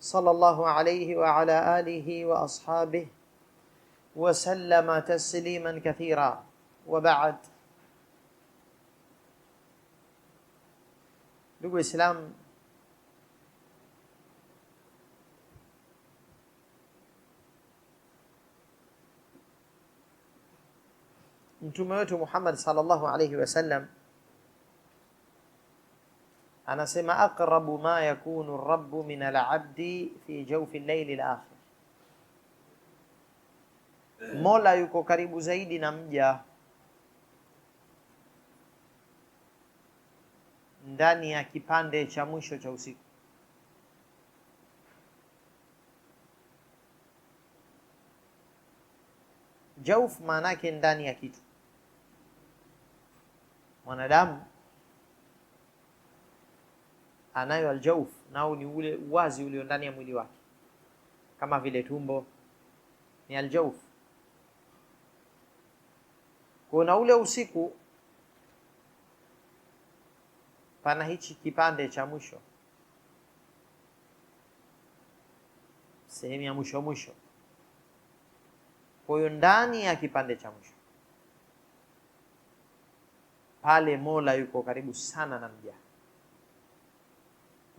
صلى الله عليه وعلى آله وأصحابه وسلم تسليما كثيرا وبعد دوغو إسلام انتم محمد صلى الله عليه وسلم anasema aqrabu ma yakunu rabbu min alabdi fi jawfi llaili lakhir, mola yuko karibu zaidi na mja ndani ya kipande cha mwisho cha usiku. Jauf maanake ndani ya kitu. Mwanadamu anayo aljauf, nao ni ule uwazi ulio ndani ya mwili wake, kama vile tumbo ni aljauf. Kuna ule usiku, pana hichi kipande cha mwisho, sehemu ya mwisho mwisho. Kwa hiyo ndani ya kipande cha mwisho pale Mola yuko karibu sana na mja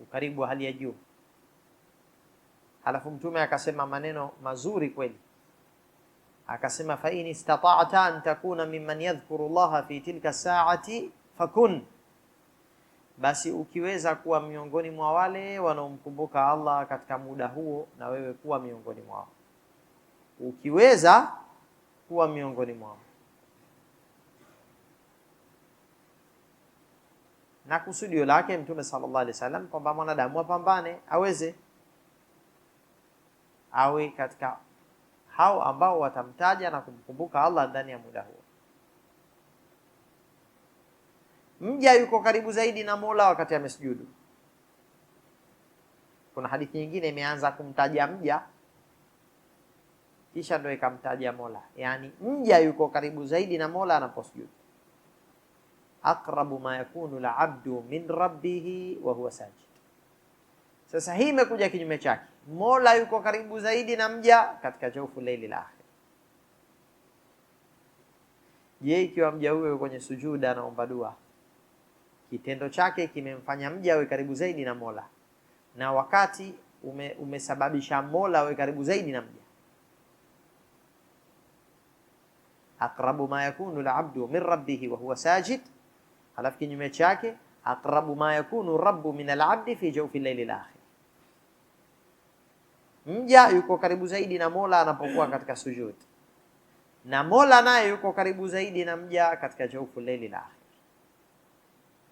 ukaribu wa hali ya juu. Halafu Mtume akasema maneno mazuri kweli, akasema fa in istata'ta an takuna mimman yadhkuru llaha fi tilka saati fakun, basi ukiweza kuwa miongoni mwa wale wanaomkumbuka Allah katika muda huo, na wewe kuwa miongoni mwao, ukiweza kuwa miongoni mwao na kusudio lake Mtume sallallahu alaihi wasallam kwamba mwanadamu apambane, aweze awe katika hao ambao watamtaja na kumkumbuka Allah ndani ya muda huo. Mja yuko karibu zaidi na Mola wakati amesujudu. Kuna hadithi nyingine imeanza kumtaja mja kisha ndio ikamtaja Mola, yaani mja yuko karibu zaidi na Mola anaposujudu aqrabu ma yakunu la abdu min rabbihi wa huwa sajid. Sasa hii imekuja kinyume chake, mola yuko karibu zaidi na mja katika jaufu laili la akhir. Je, ikiwa mja huyo kwenye sujuda anaomba dua, kitendo chake kimemfanya mja awe karibu zaidi na mola na wakati ume, umesababisha mola awe karibu zaidi na mja. aqrabu ma yakunu labdu abdu min rabbihi wa huwa sajid halafu kinyume chake aqrabu ma yakunu rabbu min alabdi fi jawfi llaili lakhir, mja yuko karibu zaidi na mola anapokuwa katika sujud, na mola naye yuko karibu zaidi na mja katika jawfu llaili lakhir.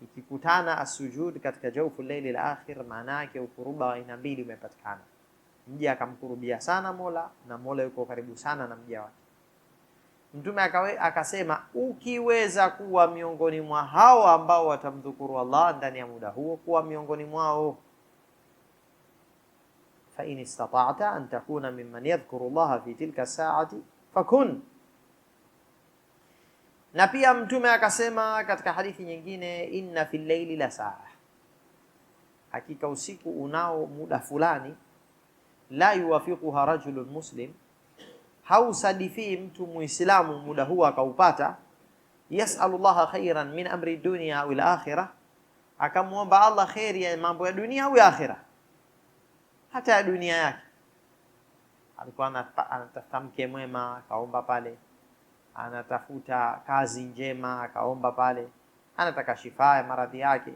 Ikikutana asujud katika jawfu llaili lakhir, maana yake ukuruba wa aina mbili umepatikana, mja akamkurubia sana mola na mola yuko karibu sana na mja wake. Mtume akasema ukiweza kuwa miongoni mwa hao ambao watamdhukuru Allah ndani ya muda huo, kuwa miongoni mwao. fa in istata'ta an takuna mimman yadhkuru llaha fi tilka saati fakun. Na pia Mtume akasema katika hadithi nyingine, inna fil layli la saa, hakika usiku unao muda fulani, la yuwafiquha rajulun muslim hausadifii mtu muislamu muda huo akaupata, yasalu llaha khairan min amri dunia au lakhira, akamwomba Allah kheri ya mambo ya dunia au ya akhira, hata ya dunia yake. Alikuwa anatafuta mke mwema, akaomba pale, anatafuta kazi njema, akaomba pale, anataka shifaa ya maradhi yake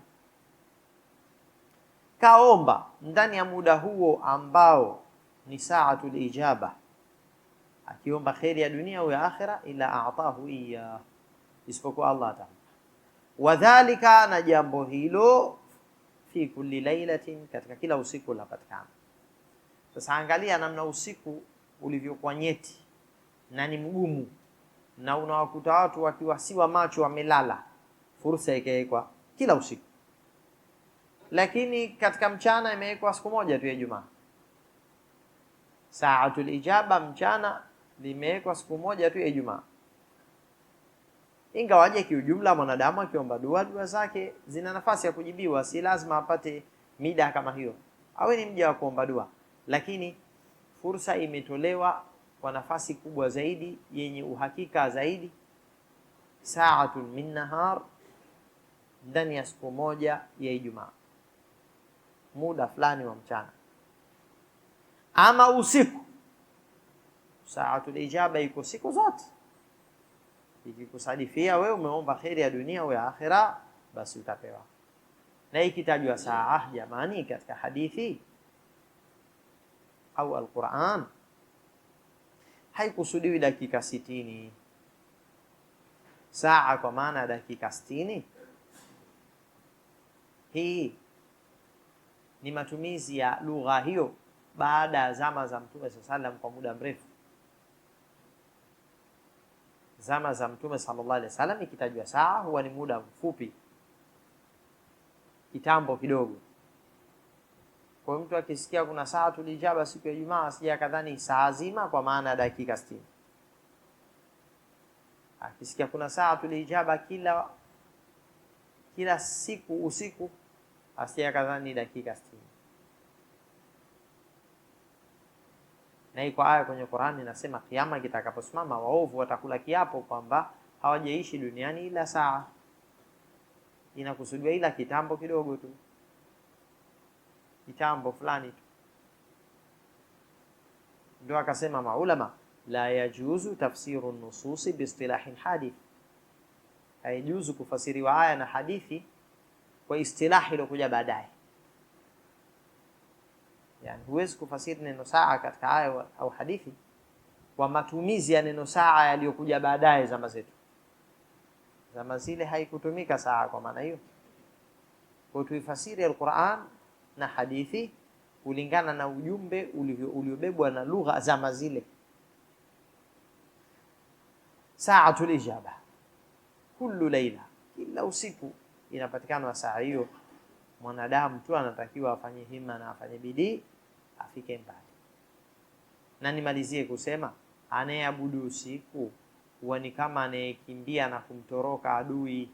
kaomba ndani ya muda huo ambao ni saatu ijaba akiomba kheri ya dunia au ya akhira, ila atahu iya, isipokuwa Allah taala. Wadhalika, na jambo hilo fi kulli lailatin, katika kila usiku unapatikana. Sasa angalia namna usiku ulivyokuwa nyeti na ni mgumu, na unawakuta watu wakiwa siwa macho wamelala, fursa ikawekwa kila usiku, lakini katika mchana imewekwa siku moja tu ya Ijumaa, saatul ijaba mchana limewekwa siku moja tu ya Ijumaa, ingawaje kiujumla mwanadamu akiomba dua, dua zake zina nafasi ya kujibiwa, si lazima apate mida kama hiyo, awe ni mja wa kuomba dua, lakini fursa imetolewa kwa nafasi kubwa zaidi yenye uhakika zaidi, saatun min nahar, ndani ya siku moja ya Ijumaa, muda fulani wa mchana ama usiku Saatul ijaba iko siku zote. ikikusadifia wewe umeomba kheri ya dunia au ya akhira, basi utapewa. Na ikitajwa saa, jamani, katika hadithi au Alquran haikusudiwi dakika sitini. Saa kwa maana ya dakika sitini, hii ni matumizi ya lugha hiyo baada ya zama za Mtume sallallahu alaihi wasallam kwa muda mrefu zama za Mtume sallallahu alaihi wasallam ikitajwa saa huwa ni muda mfupi kitambo kidogo. Kwa mtu akisikia kuna saa tulijaba siku ya Ijumaa, asija kadhani saa zima, kwa maana ya dakika 60. Akisikia kuna saa tulijaba kila kila siku usiku, asija kadhani dakika 60. Na iko aya kwenye Qur'ani inasema kiama kitakaposimama, waovu watakula kiapo kwamba hawajaishi duniani ila saa. Inakusudiwa ila kitambo kidogo tu, kitambo fulani tu. Ndio akasema maulama, la yajuzu tafsiru nususi biistilahin hadith, haijuzu kufasiriwa aya na hadithi kwa istilahi iliyokuja baadaye yani huwezi kufasiri neno saa katika aya au hadithi kwa matumizi ya neno saa yaliyokuja baadaye zama zetu. Zama zile haikutumika saa kwa maana hiyo. Kwa tuifasiri Alquran na hadithi kulingana na ujumbe uliobebwa na lugha zama zile. Saatul ijaba, kullu laila, kila usiku inapatikana saa hiyo mwanadamu tu anatakiwa afanye hima na afanye bidii afike mbali. Na nimalizie kusema anayeabudu usiku huwa ni kama anayekimbia na kumtoroka adui,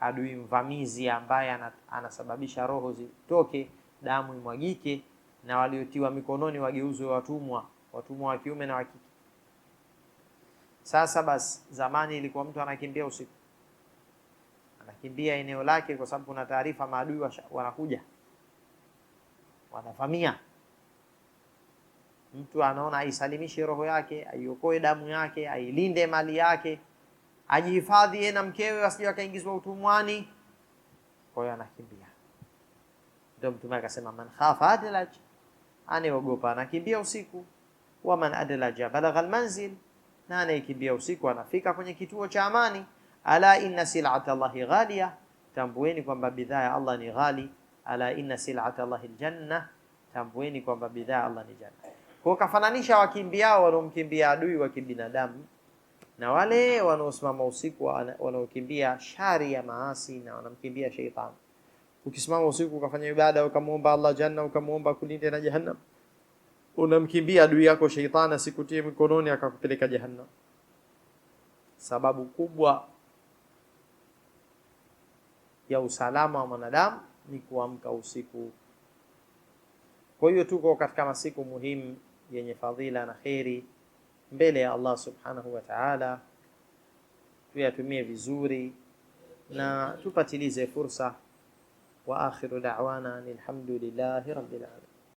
adui mvamizi ambaye anasababisha roho zitoke, damu imwagike, na waliotiwa mikononi wageuzwe watumwa, watumwa wa kiume na wa kike. Sasa basi, zamani ilikuwa mtu anakimbia usiku kimbia eneo lake, kwa sababu kuna taarifa maadui wanakuja, wanavamia. Mtu anaona aisalimishe roho yake, aiokoe damu yake, ailinde mali yake, ajihifadhi yeye na mkewe wasije akaingizwa utumwani. Kwa hiyo anakimbia, ndio Mtume akasema, man khafa adlaj, anayeogopa anakimbia usiku, wa man adlaja balagha almanzil, na anayekimbia usiku anafika kwenye kituo cha amani ala inna sil'ata Allahi ghalia, tambueni kwamba bidhaa ya Allah ni ghali. Ala inna sil'ata Allahi aljanna, tambueni kwamba bidhaa ya Allah ni janna. Kwa kafananisha wakimbiao wanaomkimbia adui wa kibinadamu na wale wanaosimama usiku wanaokimbia shari ya maasi na wanamkimbia sheitani. Ukisimama usiku ukafanya ibada ukamwomba Allah janna ukamwomba kulinde na jahannam, unamkimbia adui yako sheitani asikutie mikononi akakupeleka jahannam. Sababu kubwa ya usalama wa mwanadamu ni kuamka usiku. Kwa hiyo tuko katika masiku muhimu yenye fadhila na kheri mbele ya Allah subhanahu wa ta'ala, tuyatumie vizuri na tupatilize fursa. Wa akhiru da'wana alhamdulillahi rabbil alamin.